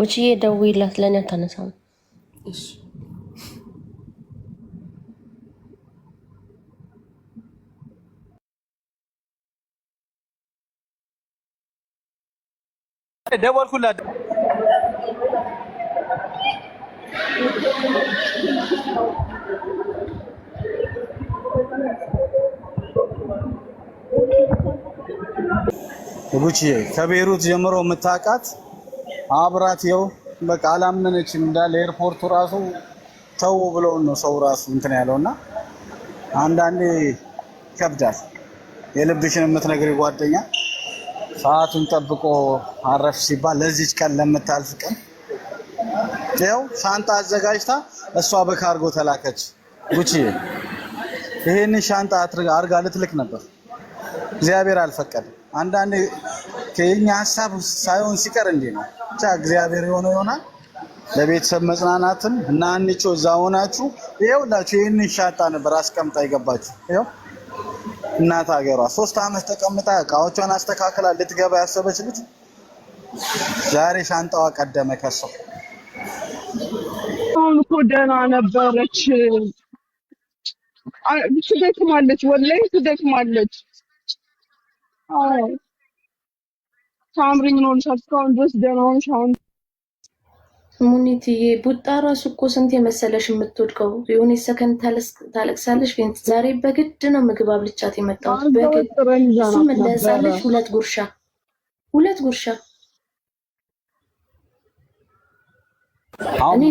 ወችዬ ደውይላት፣ ለእኔ አታነሳም። ደወልኩላት። ጉቺዬ ከቤሩት ጀምሮ የምታውቃት አብራት ይኸው በቃ አላመነችም እንዳለ ኤርፖርቱ ራሱ ተው ብለውን ነው ሰው ራሱ እንትን ያለው እና አንዳንዴ ይከብዳል። የልብሽን የምትነግሪ ጓደኛ ሰዓቱን ጠብቆ አረፍ ሲባል ለዚች ቀን ለምታልፍ ቀን ይኸው ሻንጣ አዘጋጅታ እሷ በካርጎ ተላከች። ጉቺ ይሄንን ሻንጣ አድርጋ ልትልክ ነበር፣ እግዚአብሔር አልፈቀደም። አንዳንዴ የኛ ሀሳብ ሳይሆን ሲቀር እንዲህ ነው ብቻ እግዚአብሔር የሆነው ይሆናል። ለቤተሰብ መጽናናትም እና አንቾ እዛ ሆናችሁ ይኸውላችሁ ይህን ሻንጣ ነበር አስቀምጣ የገባችሁ። ይኸው እናት ሀገሯ ሶስት አመት ተቀምጣ እቃዎቿን አስተካክላ ልትገባ ያሰበች ልጅ ዛሬ ሻንጣዋ ቀደመ ከሷ። አሁን እኮ ደህና ነበረች። ትደክማለች፣ ወላሂ ትደክማለች። ታምሪኝ ነው ልሻል እስካሁን ድረስ ደህና ሆንሽ። አሁን ሙኒትዬ ቡጣ ራሱ እኮ ስንት የመሰለሽ የምትወድቀው የሆነ ሰከንድ ታለቅሳለሽ። ፌንት ዛሬ በግድ ነው ምግብ አብልቻት የመጣሁት በግድ እሱም ሁለት ጉርሻ ሁለት ጉርሻ አሁን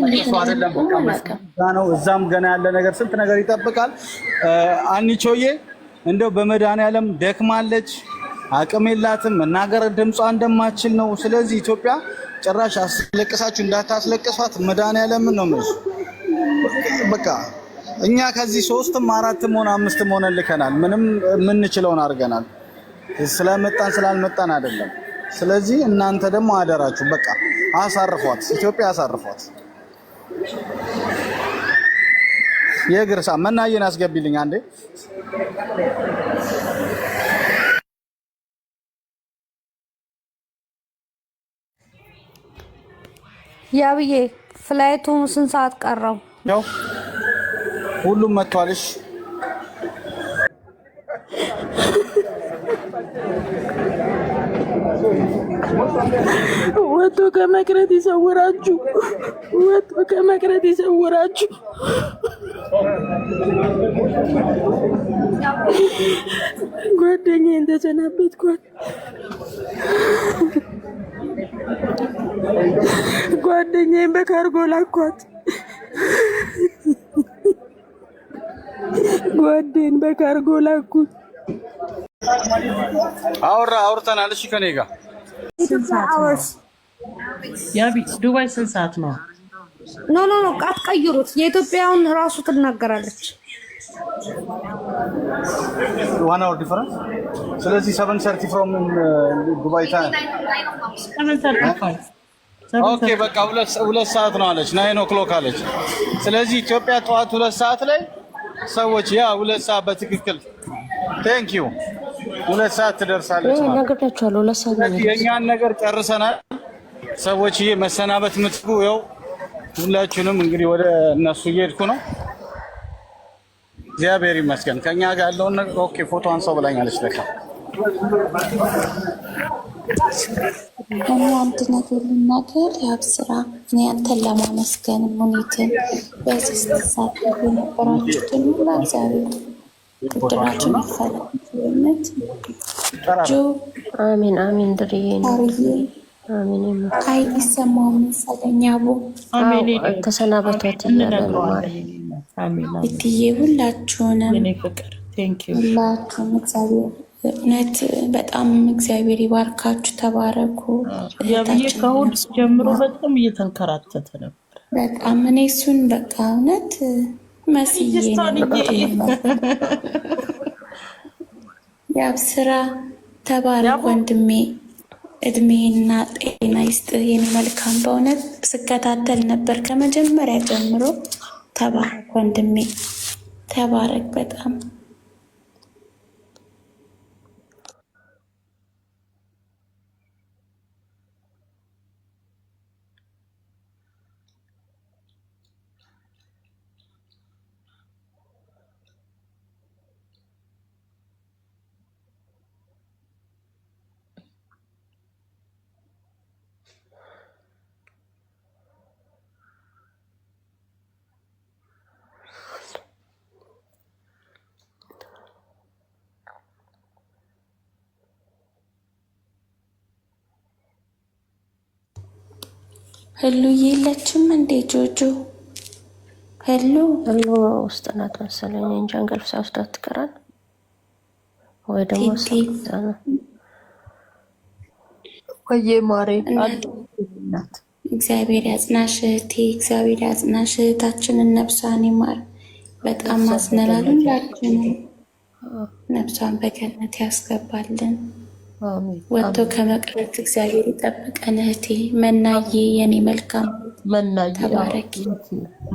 ነው። እዛም ገና ያለ ነገር ስንት ነገር ይጠብቃል። አንቺዬ እንደው በመድኃኒዓለም ደክማለች። አቅም የላትም፣ መናገር ድምጿ እንደማችል ነው። ስለዚህ ኢትዮጵያ ጭራሽ አስለቅሳችሁ እንዳታስለቅሷት መድኃኒዓለምን ነው ምሱ በቃ እኛ ከዚህ ሶስትም አራትም ሆነ አምስትም ሆነ ልከናል። ምንም የምንችለውን አድርገናል። ስለመጣን ስላልመጣን አይደለም። ስለዚህ እናንተ ደግሞ አደራችሁ በቃ አሳርፏት፣ ኢትዮጵያ አሳርፏት። የእግር ሳ መናየን አስገቢልኝ አንዴ ያብዬ ፍላይቱ ስንት ሰዓት ቀረው? ያው ሁሉም መጥቷልሽ። ወጥቶ ከመቅረት ይሰውራችሁ፣ ወጥቶ ከመቅረት ይሰውራችሁ። ጓደኛዬን ተሰናበትኳት። ጓደኛዬን በካርጎ ላኳት። ጓደኝ በካርጎ ላኩት። አውራ አውርተናል። እሺ ከኔ ጋር ያቢ ዱባይ ስንት ሰዓት ነው? ኖ ኖ ኖ አትቀይሩት። የኢትዮጵያውን ራሱ ትናገራለች። ዋን አወር ዲፈረንስ። ስለዚህ ሰቨን ሰርቲ ፍሮም ዱባይ ታይም ኦኬ በቃ ሁለት ሰዓት ነው አለች፣ ናይን ኦክሎክ አለች። ስለዚህ ኢትዮጵያ ጠዋት ሁለት ሰዓት ላይ ሰዎች ያ ሁለት ሰዓት በትክክል ቴንክ ዩ ሁለት ሰዓት ትደርሳለች። የእኛን ነገር ጨርሰናል። ሰዎች ይሄ መሰናበት ምትጉ ይኸው ሁላችሁንም እንግዲህ ወደ እነሱ እየሄድኩ ነው። እግዚአብሔር ይመስገን ከኛ ጋር ያለውን ነገር ኦኬ ፎቶ አንሳው ብላኛለች ለካ እኔ አንድ ነገር ልናገር የአብ ስራ እኔ አንተን ለማመስገን ሙኒትን በዚህ ስትሳተፉ የነበራችሁትን ሁሉ እግዚአብሔር ብድራችን ይፈላነት አሚን አሚን። ድርዬ አይ ይሰማው መሰለኝ አቡ ተሰናበቷት እያለ ማርዬ ሁላችሁንም ሁላችሁም እግዚአብሔር እውነት በጣም እግዚአብሔር ይባርካችሁ፣ ተባረኩ። ያብዬ ከእሑድ ጀምሮ በጣም እየተንከራተተ ነበር። በጣም እኔ እሱን በቃ እውነት መስዬ ያብ ስራ ተባረክ ወንድሜ፣ እድሜና ጤና ይስጥ። የኔ መልካም በእውነት ስከታተል ነበር ከመጀመሪያ ጀምሮ። ተባረክ ወንድሜ፣ ተባረክ በጣም ህሉዬ የለችም እንዴ? ጆጆ ህሉ ህሉ ውስጥ ናት መሰለኝ። እንጃ እንቅልፍ ሳይወስድ አትቀራል ወይ ደግሞ ቆየ ማሬ ናት። እግዚአብሔር ያጽናሽ እህቴ፣ እግዚአብሔር ያጽናሽ እህታችንን ነፍሷን ይማር። በጣም አዝነናል ሁላችንም። ነፍሷን በገነት ያስገባልን። ወጥቶ ከመቅረት እግዚአብሔር ይጠብቀን። እህቴ መናዬ፣ የኔ መልካም ተባረኪ።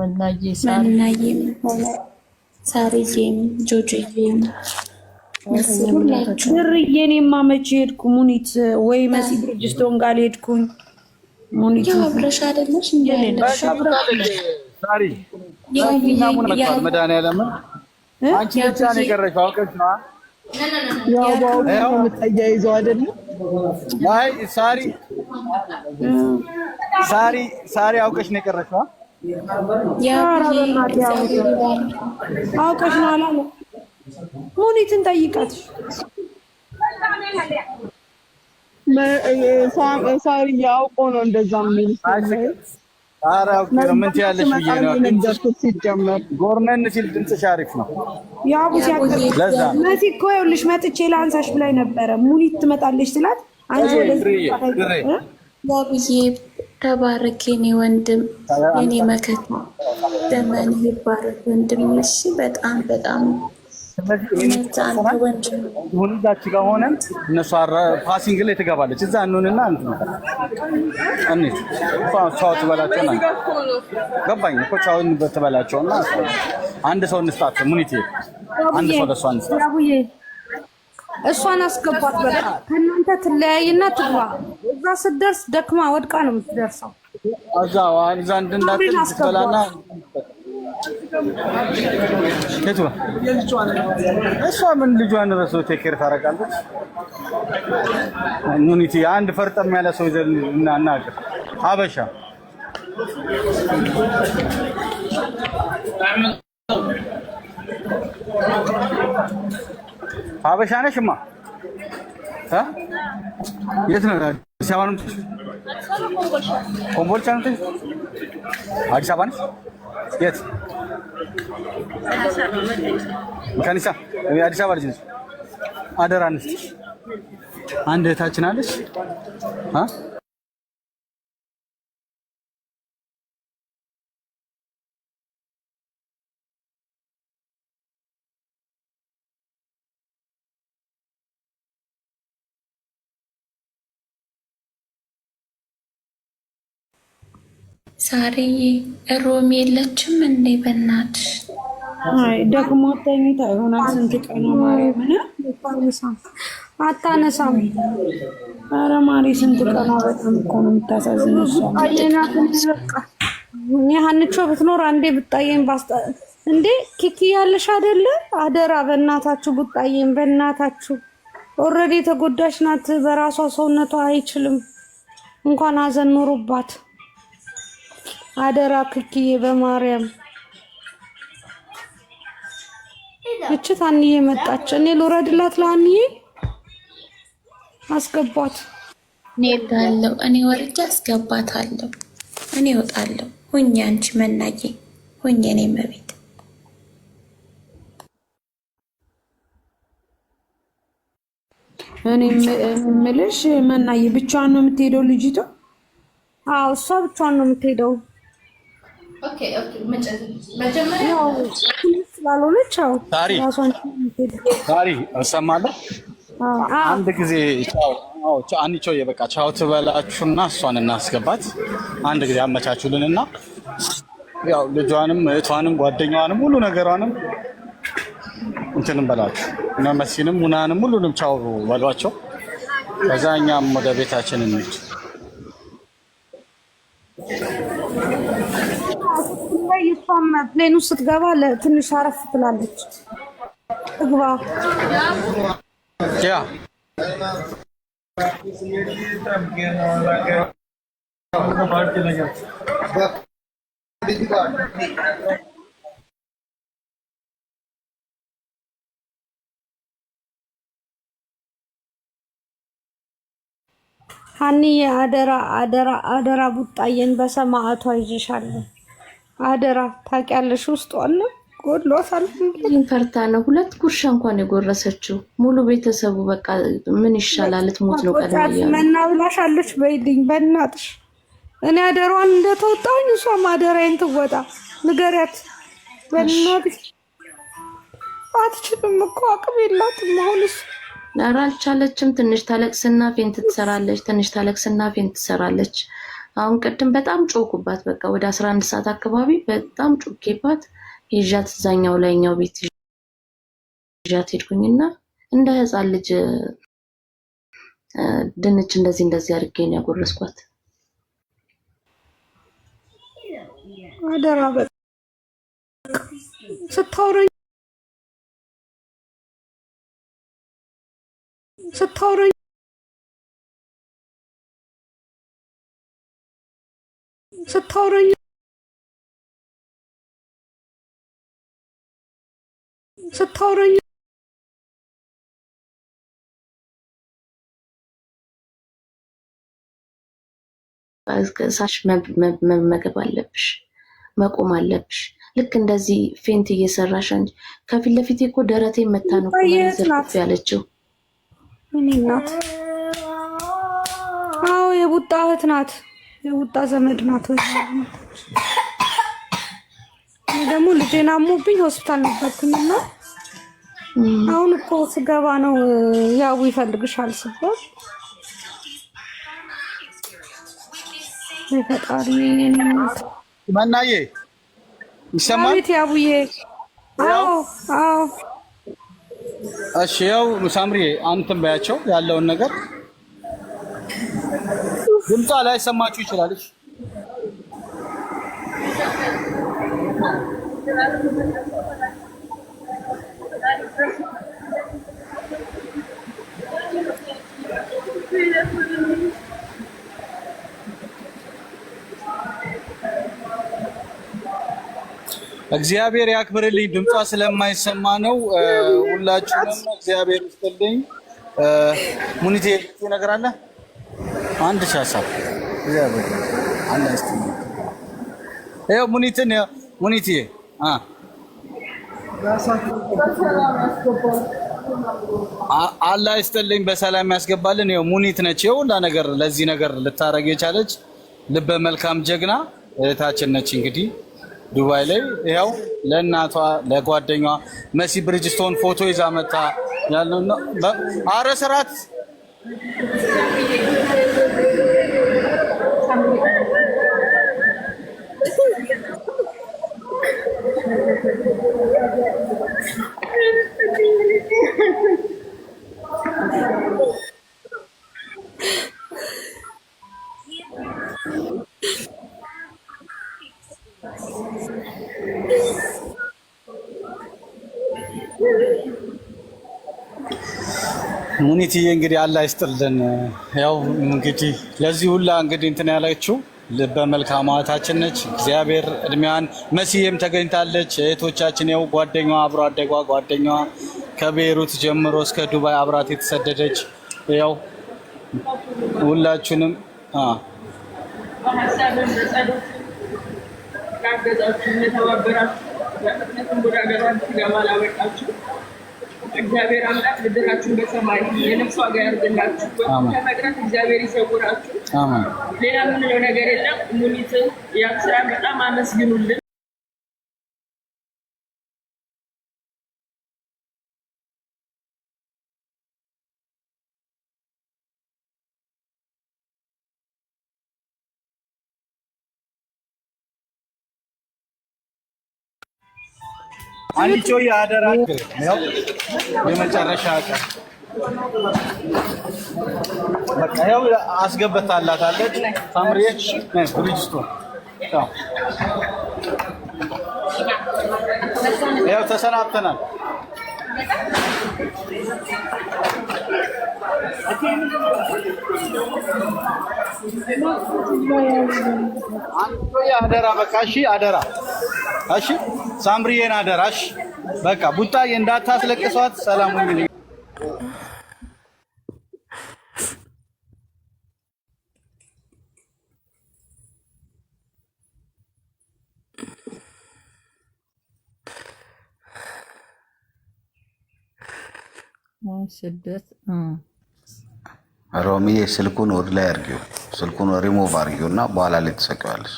መናዬም ሆነ ሳርዬም ጆጆዬም ሁላችሁ እኔማ መቼ ሄድኩ ሙኒት ወይ መሲ ብርጅስቶን ጋር ሄድኩኝ። ሙኒት ያው አብረሽ አይደለሽ እንዴ? መድኃኒዓለምን አንቺ ብቻ ነው የቀረሽው። አውቀሽ ነዋ ያው የምታያይዘው አይደለም። አይ ሳሪ ሳሪ ሳሪ አውቀሽ ነው የቀረሽው። አውቀሽ ነው አላ ሙኒትን ጠይቃት። ሳሪ ያውቆ ነው እንደዛ የሚል ኧረ ጎርነን ሲል ድምፅሽ አሪፍ ነው። ያው መሲ እኮ ይኸውልሽ መጥቼ ለአንሳሽ ብላይ ነበረ። ሙኒት ትመጣለች ስላት አንቺ ወደዚህ ተባረክ የኔ ወንድም የኔ መከታ ዘመን ይባረክ ወንድም። እሺ በጣም በጣም ሁንዛች ጋር ሆነን እነሱ ፓሲንግ ላይ ትገባለች። እዛ እንሆንና እንትን ቻው ገባኝ እኮ ቻው ትበላቸውና አንድ ሰው እንስጣት። ሙኒቴ አንድ ሰው ለእሷ እንስጣት። እሷን አስገባት። በቃ ከእናንተ ትለያይና ትግባ። እዛ ስትደርስ ደክማ ወድቃ ነው የምትደርሰው። እዛ እዛ እንዳትል ትበላና የቱ እሷ ምን ልጇን ኬር ታደርጋለች? ኑኒቲ አንድ ፈርጠም ያለ ሰው ይዘን እናናገር። አበሻ አበሻ ነሽማ? የት ነው? አዲስ አበባ ነው? ኮምቦልቻ ነው? አዲስ አበባ ነሽ? የት ከኒሳ አበባ ልጅ ነች። አደራ አንስት አንድ እህታችን አለች። ዛሬ ሮሚ የለችም እንዴ? በናት ደግሞ ተኝታ ይሆናል። ስንት ቀኑ ማርያምን አታነሳም። አረ ማሪ ስንት ቀኗ። በጣም እኮ ነው የምታሳዝነው። እኔ ሀንቾ ብትኖር አንዴ ብጣየን ባስጠ እንዴ ኪኪ ያለሽ አይደለ? አደራ በእናታችሁ ብጣየን፣ በእናታችሁ ኦልሬዲ ተጎዳሽ ናት። በራሷ ሰውነቷ አይችልም እንኳን ሀዘን ኖሮባት አደራ ክክዬ በማርያም እች ታንዬ መጣች። እኔ ልውረድላት ለአንዬ አስገባት። እኔ እሄዳለሁ። እኔ ወርጃ አስገባታለሁ። እኔ እወጣለሁ። ሁኛ አንቺ መናጌ ሁኛ እኔ መቤት እኔ የምልሽ መናዬ ብቻዋን ነው የምትሄደው ልጅቷ? አዎ እሷ ብቻዋን ነው የምትሄደው። ስላልሆነች ታሪ እሰማለሁ። አንድ ጊዜ የበቃ ቻው ትበላችሁና እሷን እናስገባት። አንድ ጊዜ አመቻቹልንና ያው ልጇንም እህቷንም ጓደኛዋንም ሁሉ ነገሯንም እንትንም በላችሁ እነ መሲንም ሙናንም ሁሉንም ቻው በሏቸው። ከዛ እኛም ወደ ቤታችን እንሂድ። እሷም ፕሌኑ ስትገባ ለትንሽ አረፍ ትላለች። እግባ ያ ሀኒ አደራ አደራ አደራ ቡጣዬን በሰማዕቷ ይዤሻለሁ። አደራ ታውቂያለሽ፣ ውስጥ ዋለ ጎድሏታል። ፈርታ ነው ሁለት ጉርሻ እንኳን የጎረሰችው ሙሉ ቤተሰቡ በቃ ምን ይሻላል ትሞት ነው። ቀድማ መና ብላሻለች። በይልኝ በእናትሽ እኔ አደሯን እንደተወጣሁኝ እሷም አደራዬን ትወጣ። ንገሪያት በእናትሽ። አትችልም እኮ አቅም የላትም አሁን እሱ ኧረ አልቻለችም። ትንሽ ታለቅስና ፌን ትሰራለች። ትንሽ ታለቅስና ፌን ትሰራለች። አሁን ቅድም በጣም ጮኩባት። በቃ ወደ አስራ አንድ ሰዓት አካባቢ በጣም ጮኬባት ይዣት እዛኛው ላይኛው ቤት ይዣት ሄድኩኝና እንደ ህፃን ልጅ ድንች እንደዚህ እንደዚህ አድርጌ ነው ያጎረስኳት። አደራ ስታውረኝ ስታወራኝ ስታወራኝ እስከሳሽ መመገብ አለብሽ፣ መቆም አለብሽ። ልክ እንደዚህ ፌንት እየሰራሽ አንቺ ከፊት ለፊቴ እኮ ደረቴ መታነው ዘርፍ ያለችው ናት። አዎ የቡጣ እህት ናት። የውጣ ዘመድ ናት። ደግሞ ልጄን አሞብኝ ሆስፒታል ነበርኩኝ ነበርኩኝና አሁን እኮ ስገባ ነው ያው ይፈልግሻል ስባል ፈጣሪ መናዬ ይሰማል። ያቡዬ እሺ፣ ያው ሳምሪ አንተም በያቸው ያለውን ነገር ድምጿ ሰማችሁ ይችላል። እሺ እግዚአብሔር ያክብርልኝ። ድምጿ ስለማይሰማ ነው። ሁላችሁንም እግዚአብሔር ይስጥልኝ። ሙኒቴ ነገር ትነግራለህ አንድ ሺህ ሀሳብ ይኸው ሙኒትን ሙኒት አላህ ይስጥልኝ፣ በሰላም ያስገባልን። ይኸው ሙኒት ነች የሁላ ነገር ለዚህ ነገር ልታረግ የቻለች ልበ መልካም ጀግና እህታችን ነች። እንግዲህ ዱባይ ላይ ያው ለእናቷ ለጓደኛዋ መሲ ብሪጅስቶን ፎቶ ይዛ መታ ያለው አረ ስራት ሙኒትዬ እንግዲህ አላ ይስጥልን። ያው እንግዲህ ለዚህ ሁላ እንግዲህ እንትን ያለችው ያላችሁ በመልካማታችን ነች። እግዚአብሔር እድሜዋን መሲህም ተገኝታለች። እህቶቻችን ያው ጓደኛዋ አብሮ አደጓ ጓደኛዋ ከቤይሩት ጀምሮ እስከ ዱባይ አብራት የተሰደደች ያው ሁላችሁንም በሀሳብም እግዚአብሔር አምላክ ልደታችሁን በሰማይ የነፍስ ዋጋ ያርግላችሁ። ከመቅረት እግዚአብሔር ይሰውራችሁ። ሌላ የምንለው ነገር የለም። ሙኒትን ያብስራ። በጣም አመስግኑልን። አንቺ የአደራ የመጨረሻ ቀን በቃ ያው አስገበታላታለች። ታምሬች ብሪጅስቶን ያው ተሰናብተናል። አንቺ አደራ በቃ እሺ አደራ እሺ ሳምሪዬን አደራሽ በቃ ቡጣዬ እንዳታስለቅሷት። ሰላም ሁኑልኝ። ሮሚዬ ስልኩን ወድ ላይ አርጊው፣ ስልኩን ሪሞቭ አድርጊው እና በኋላ ላይ ትሰቀዋለች።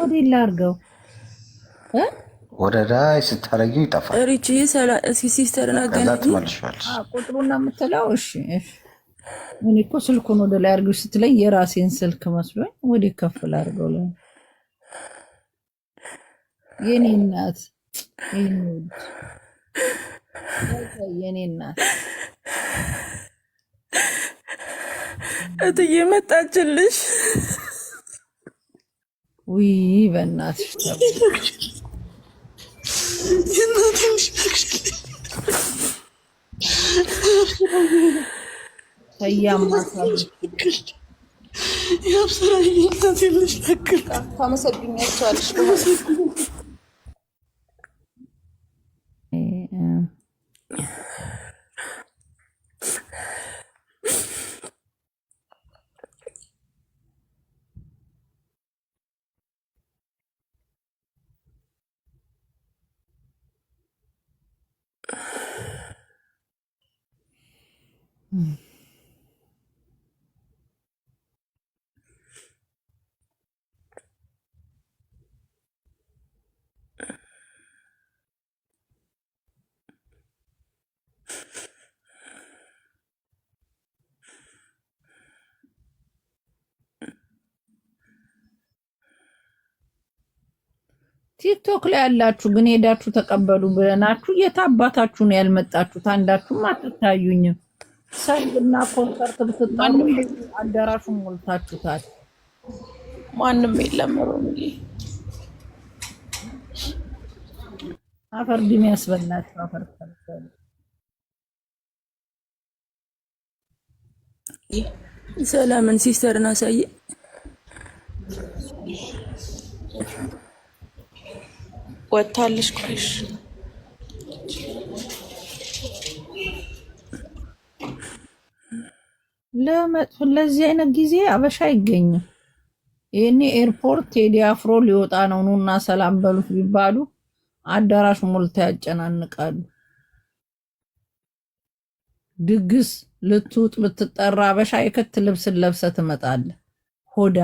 ወደ ላርገው ወደ ላይ ስታረጊ ይጠፋል። ሪች እስኪ ሲስተር ትመልሻለሽ። ቁጥሩና የምትለው እሺ፣ እኔ እኮ ስልኩን ወደ ላይ አርገው ስትለኝ የራሴን ስልክ መስሎኝ ወደ ከፍ ላርገው ላይ የኔ እናት የኔ እናት እትዬ መጣችልሽ። ውይ በእናትሽ ያብሰራ ይነት ልሽ ታክል ታመሰግኛቸዋለሽ ቲክቶክ ላይ ያላችሁ ግን ሄዳችሁ ተቀበሉ ብለናችሁ የት አባታችሁ ነው ያልመጣችሁት? አንዳችሁም አትታዩኝም። ሰርግና ኮንሰርት ብትጣሉ አዳራሹ ሞልታችሁታል። ማንም የለም። አፈር ድሜ ያስበላችሁ አፈር ሰላምን ሲስተርን አሳየ ወጥታለች ቆይሽ ለዚህ አይነት ጊዜ አበሻ አይገኝም። ይህኔ ኤርፖርት ቴዲ አፍሮ ሊወጣ ነው ኑና ሰላም በሉት ቢባሉ አዳራሽ ሞልታ ያጨናንቃሉ። ድግስ ልትውጥ ብትጠራ አበሻ የክት ልብስን ለብሰ ትመጣለ። ሆዳ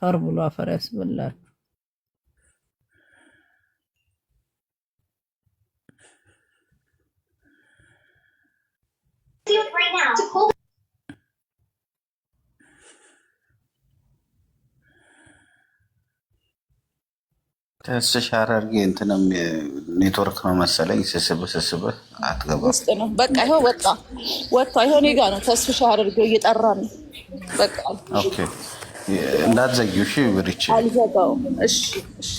ፈር ብሎ አፈር ያስበላል። ተስሻረርጌ እንትንም ኔትወርክ ነው መሰለኝ። ስስብህ ስስብህ አትገባም ውስጥ ነው። በቃ ይኸው ወጣ ወጣ። ይኸው እኔ ጋ ነው። ተስሻረርጌ እየጠራ ነው። በቃ እንዳትዘጊው። እሺ ብሪች አልዘጋውም። እሺ እሺ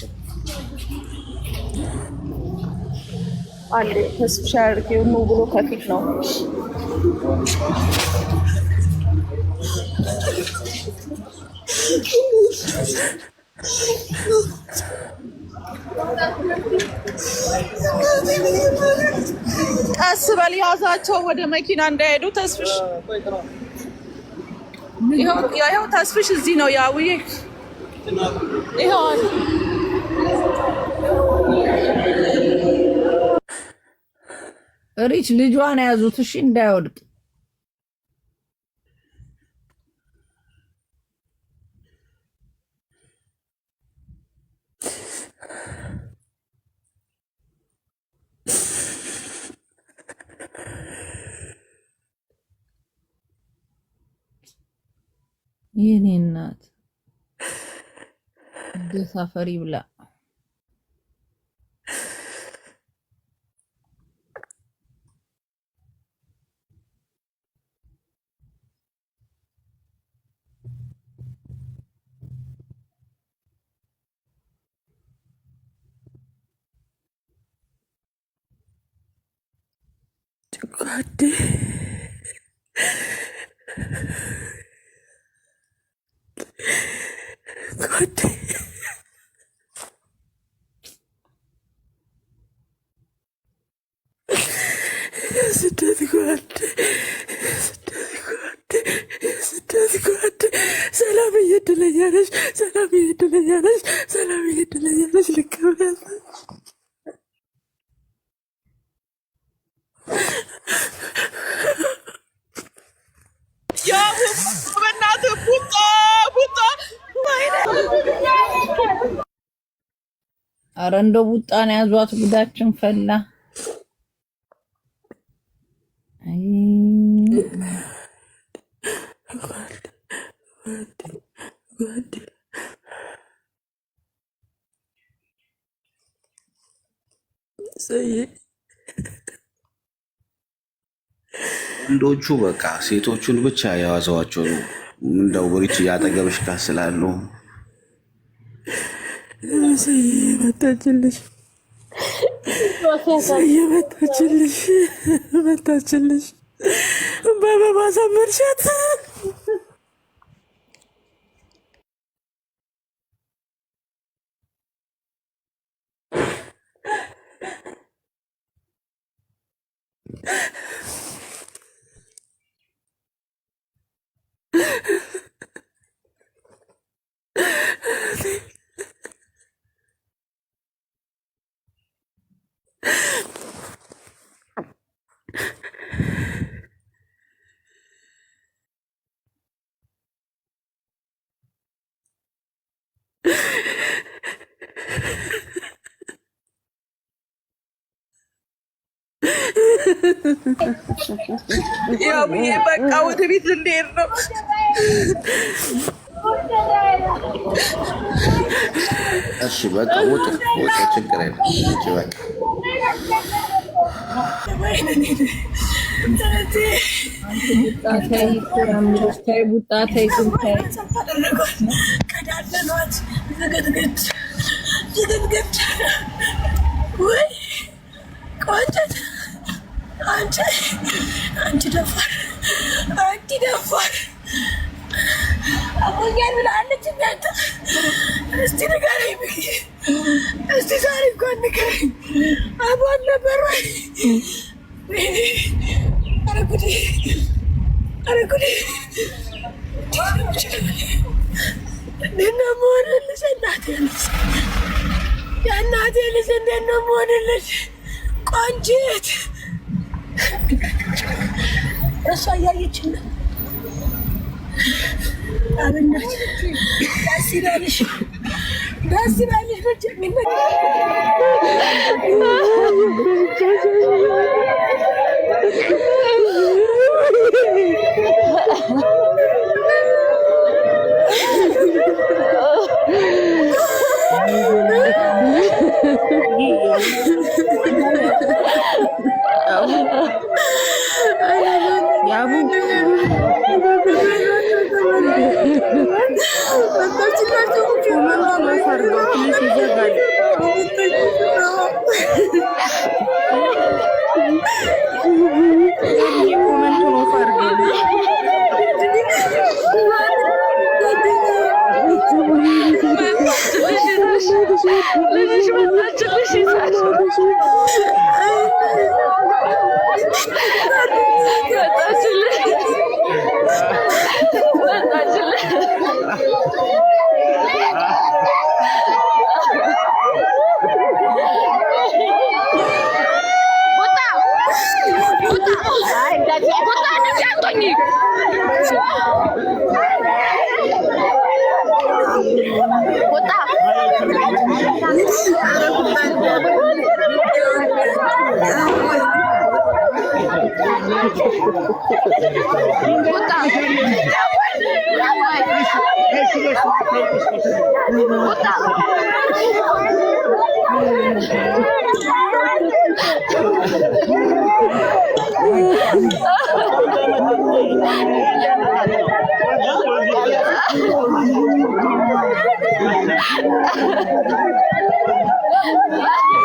አለ ተስፍሻ አድርጌው ኑ ብሎ ከፊት ነው። ቀስ በል ያዛቸው፣ ወደ መኪና እንዳይሄዱ። ተስፍሽ ይኸው ተስፍሽ እዚህ ነው ያውዬ ይኸዋል ሪች ልጇን ያዙት፣ እሺ እንዳይወድቅ። ይህኔ እናት ደሳፈሪ ብላ to God. እንደ ቡጣን ያዟት፣ ጉዳችን ፈላ። ወንዶቹ በቃ ሴቶቹን ብቻ የያዘዋቸው ነው። እንደው ብሪች እያጠገብሽ ካስላሉ ሰይ መታችልሽ መታችልሽ መታችልሽ በአበባ ሰመርሻት። ያው ብዬ በቃ ወደ ቤት ልንሄድ ነው። እሺ በቃ ውጡ፣ ውጡ፣ ችግር የለም። እሺ አንቺ አንቺ ደፋር አንቺ ደፋር አሞኛል ብላለች። እናንተ እስቲ ንገረኝ፣ እስቲ ዛሬ እንኳን ንገረኝ። አቧን ነበር ወይ? ኧረ ጉዴ! ኧረ ጉዴ! እንዴት ነው እናቴ ልጅ፣ የእናቴ ልጅ እንዴት ነው ቆንጆ የት ያሳያል ይችላል አብነት ደስ ይበልሽ፣ ደስ ይበልሽ ብቻ Thank you. ያቡ Puta. Puta. Puta.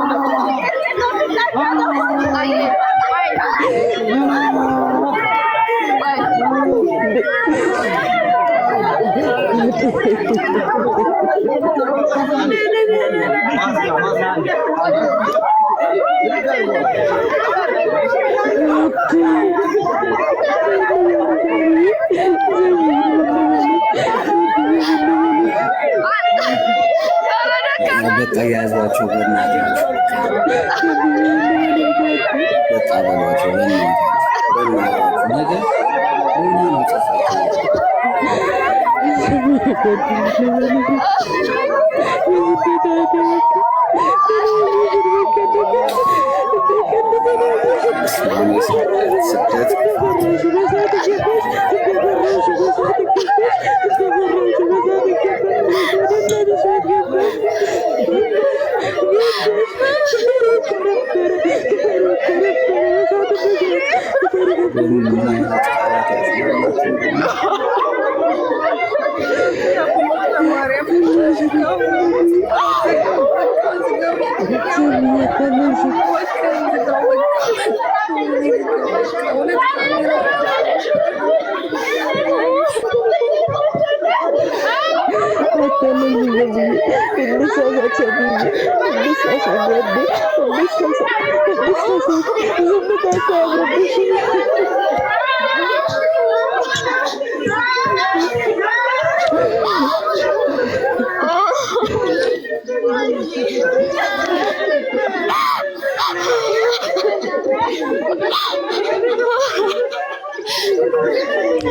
በቃ ያዝናቸው በእናታችሁ በቃ በሏቸው በእናታችሁ ነገ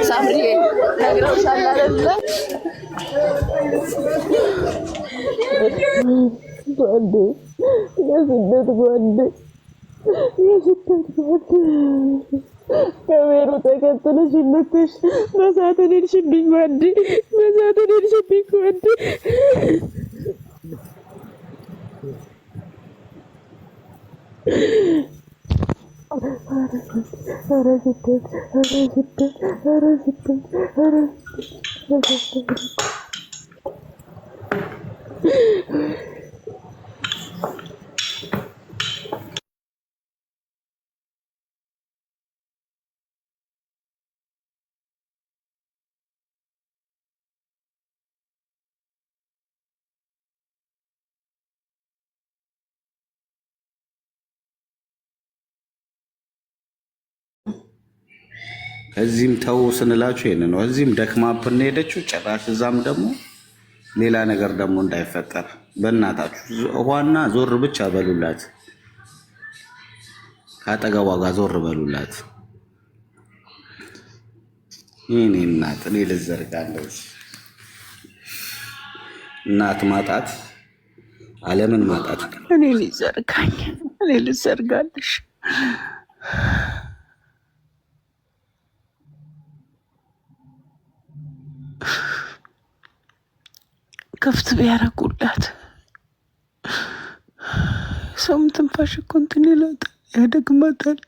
ሳምሪ ነግረውሻል አይደለ? ጓዴ የስደት ጓዴ የስደት ጓዴ ከሜሩ ተከትለሽ ይመተሽ በሳትን ሄድሽብኝ ጓዴ በሳትን ሄድሽብኝ ጓዴ Ara gittin, ara gittin, ara gittin, ara gittin, ara gittin. እዚህም ተው ስንላችሁ ይሄን ነው። እዚህም ደክማ ብን ሄደችው ጭራሽ እዛም ደግሞ ሌላ ነገር ደግሞ እንዳይፈጠር በእናታችሁ ዋና ዞር ብቻ በሉላት፣ ከአጠገቧ ጋር ዞር በሉላት። ይህኔ እናት እኔ ልዘርጋ እናት ማጣት ዓለምን ማጣት እኔ ልዘርጋኝ እኔ ልዘርጋለሽ ክፍት ቢያረጉላት ሰውም ትንፋሽ እኮ እንትን ይላታል ያደግማታል።